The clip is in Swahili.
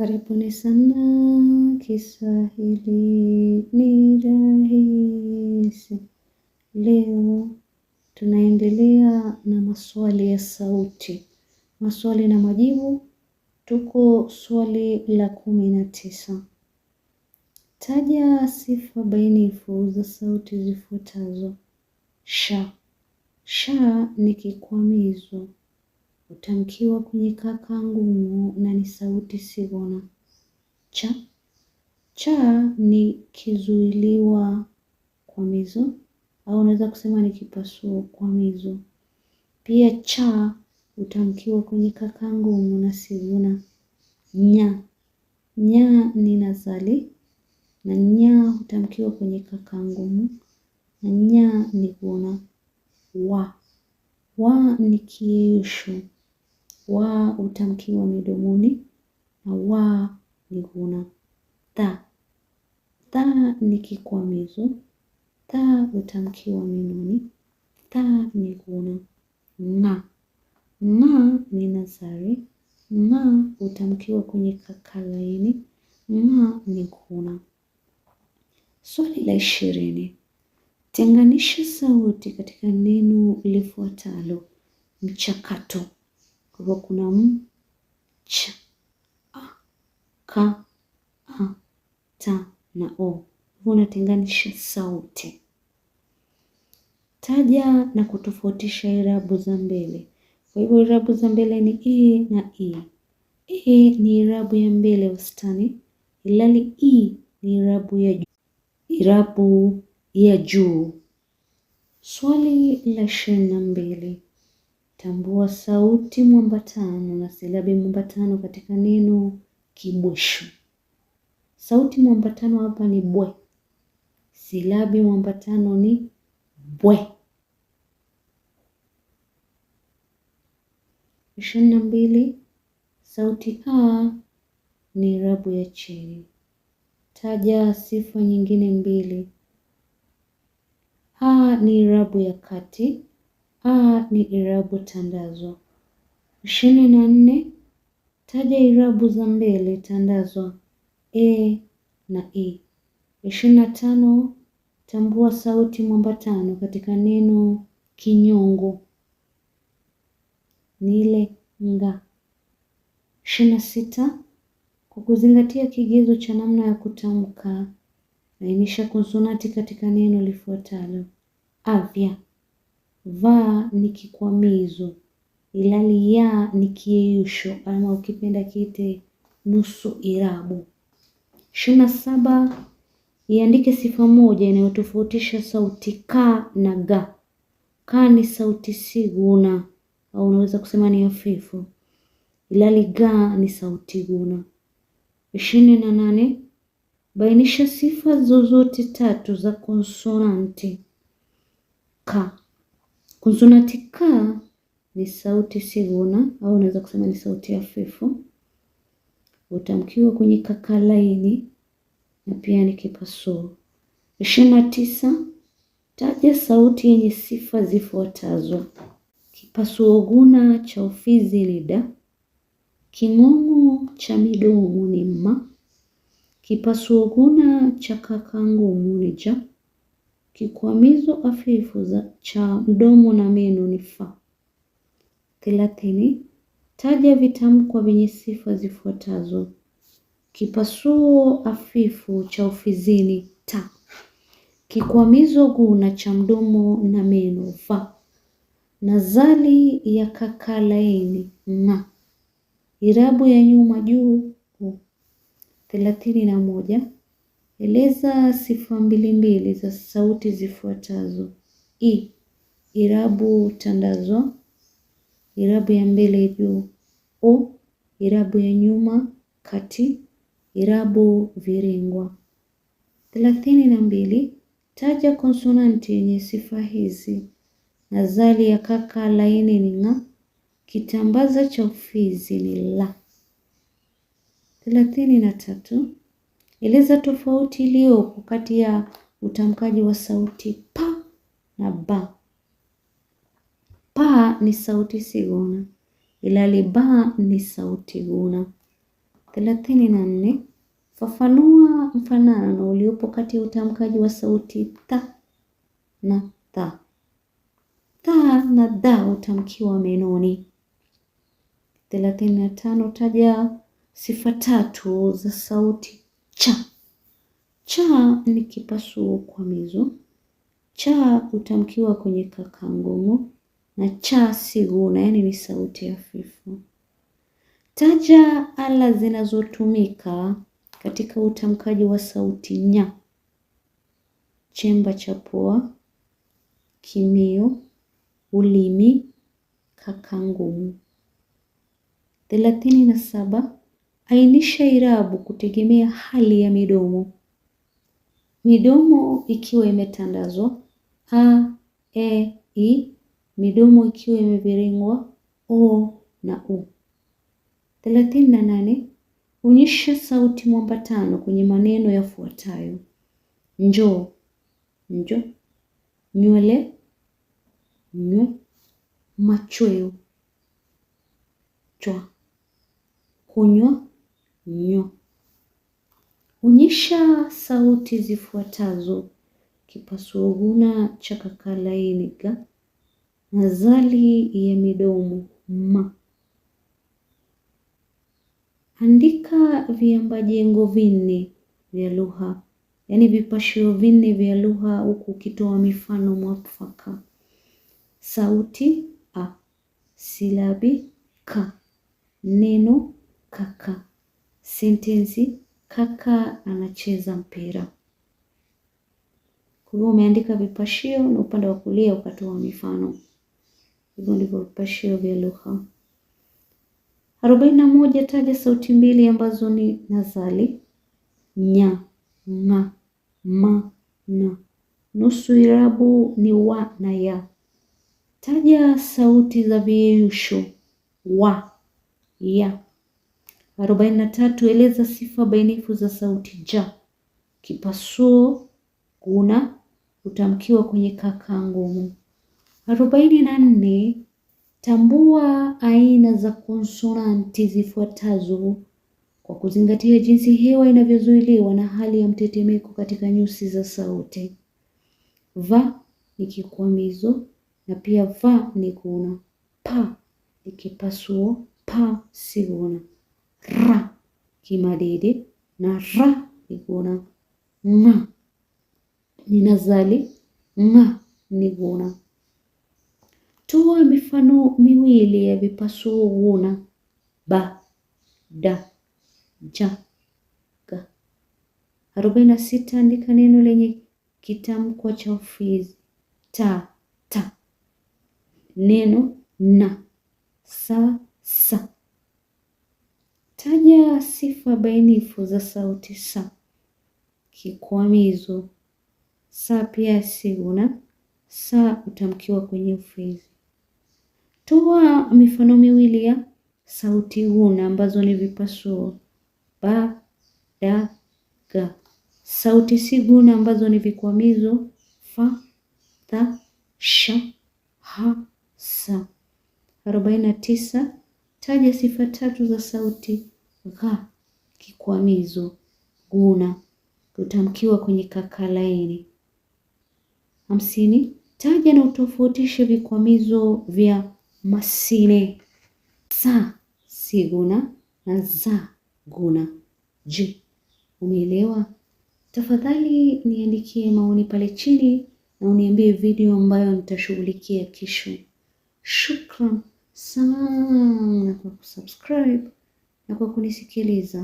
Karibuni sana Kiswahili ni rahisi. Leo tunaendelea na maswali ya sauti, maswali na majibu. Tuko swali la kumi na tisa. Taja sifa bainifu za sauti zifuatazo. Sha. Sha ni kikwamizo utamkiwa kwenye kaka kangumu na ni sauti sigona. Cha cha ni kizuiliwa kwa mizo au unaweza kusema ni kipasuo kwa mizo Pia cha utamkiwa kwenye kaka kangumu na sigona. Nya nya ni nazali na nya hutamkiwa kwenye kaka ngumu na nya ni kuona Wa wa ni kiyeyusho wa utamkiwa midomoni na wa ni huna. Ta ta ni kikwamizo, ta utamkiwa minoni ta ni huna. Na na ni nasari, na utamkiwa kwenye kaka laini, na ni huna. Swali la ishirini. Tenganisha sauti katika neno lifuatalo: mchakato. Kwa hivyo kuna m, ch, a, ka, a, ta na o. Hivyo unatenganisha sauti. Taja na kutofautisha irabu za mbele. Kwa hivyo irabu za mbele ni e na i. E ni irabu ya mbele wastani, ilali i ni irabu ya juu, irabu ya juu. Swali la ishirini na mbili. Tambua sauti mwambatano na silabi mwambatano katika neno kibwisho. Sauti mwambatano hapa ni bwe, silabi mwambatano ni bwe. ishirini na mbili. Sauti a ni irabu ya chini. Taja sifa nyingine mbili. A ni irabu ya kati A ah, ni irabu tandazo. ishirini na nne. Taja irabu za mbele tandazwa e na i. E. ishirini na tano. Tambua sauti mwambatano katika neno kinyongo ni ile nga. ishirini na sita. Kwa kuzingatia kigezo cha namna ya kutamka, ainisha konsonanti katika neno lifuatalo avya va ni kikwamizo, ilali ya ni kiyeyusho, ama ukipenda kiite nusu irabu. ishirini na saba. Iandike sifa moja inayotofautisha sauti ka na ga. Ka ni sauti siguna, guna, au unaweza kusema ni hafifu, ilali ga ni sauti guna. ishirini na nane. Bainisha sifa zozote tatu za konsonanti ka Konsonanti K ni sauti siguna au unaweza kusema ni sauti hafifu, utamkiwa kwenye kaka laini na pia ni kipasuo. ishirini na tisa. Taja sauti yenye sifa zifuatazo. Kipasuo guna cha ufizi ni da. King'ong'o cha midomo ni ma. Kipasuo guna cha kaka ngumu ni ja. Kikwamizo hafifu cha mdomo na meno ni fa. Thelathini. Taja vitamkwa vyenye sifa zifuatazo: kipasuo hafifu cha ufizini ta kikwamizo guna cha mdomo na meno V, nazali ya kaka laini Ng, irabu ya nyuma juu Thelathini na moja. Eleza sifa mbili mbili za sauti zifuatazo: i, irabu tandazwa, irabu ya mbele juu, o, irabu ya nyuma kati, irabu viringwa. Thelathini na mbili. Taja konsonanti yenye sifa hizi: nazali ya kaka laini ni ng'a, kitambaza cha ufizi ni la. Thelathini na tatu. Eleza tofauti iliyopo kati ya utamkaji wa sauti pa na ba. Pa ni sauti siguna ilali ba ni sauti guna. thelathini na nne. Fafanua mfanano uliopo kati ya utamkaji wa sauti ta na tha. Tha na dha utamkiwa menoni. thelathini na tano. Taja sifa tatu za sauti cha. Cha ni kipasuo kwamizo. Cha hutamkiwa kwenye kakangumu na cha si guna, yaani ni sauti hafifu. Taja ala zinazotumika katika utamkaji wa sauti nya: chemba cha pua, kimio, ulimi, ngumu thelathini na saba. Ainisha irabu kutegemea hali ya midomo. Midomo ikiwa imetandazwa a, e, i; midomo ikiwa imeviringwa o na u. thelathini na nane. Onyesha sauti mwambatano kwenye maneno yafuatayo: njoo, njo, nywele, nywe, machweo, chwa, kunywa, nyo. Onyesha sauti zifuatazo: kipasuguna cha kakalainiga nazali ya midomo ma. Andika viambajengo vinne vya lugha, yaani vipashio vinne vya lugha, huku ukitoa mifano mwafaka. Sauti a, silabi ka, neno kaka, Sentensi: kaka anacheza mpira. Kwa hivyo umeandika vipashio na upande wa kulia ukatoa mifano. Hivyo ndivyo vipashio vya lugha. arobaini na moja. Taja sauti mbili ambazo ni nazali: nya, nga, ma, na. Nusu irabu ni wa na ya. Taja sauti za viyeyusho: wa, ya 43. Eleza sifa bainifu za sauti ja. Kipasuo guna hutamkiwa kwenye kaka ngumu. 44. Tambua aina za konsonanti zifuatazo kwa kuzingatia jinsi hewa inavyozuiliwa na hali ya mtetemeko katika nyusi za sauti. Va ni kikwamizo na pia va ni guna. Pa ni kipasuo, pa si guna ra kimadede na ra ni ma ni nazali, ma ni guna Toa mifano miwili ya vipasuo guna ba, da, ja, ga. arobaini na sita. Andika neno lenye kitamkwa cha ufizi ta, ta, neno na sa, sa Taja sifa bainifu za sauti sa: kikwamizo sa pia siguna sa utamkiwa kwenye ufizi. Toa mifano miwili ya sauti una ambazo ni vipasuo ba, da, ga. Sauti siguna ambazo ni vikwamizo fa, dha, sha, ha, sa. arobaini na tisa. Taja sifa tatu za sauti gha kikwamizo guna kutamkiwa kwenye kaka laini. Hamsini. Taja na utofautishe vikwamizo vya masine sa si guna na za guna. Je, umeelewa? Tafadhali niandikie maoni pale chini na uniambie video ambayo nitashughulikia kesho. Shukran sana kwa kusubscribe na kwa kunisikiliza.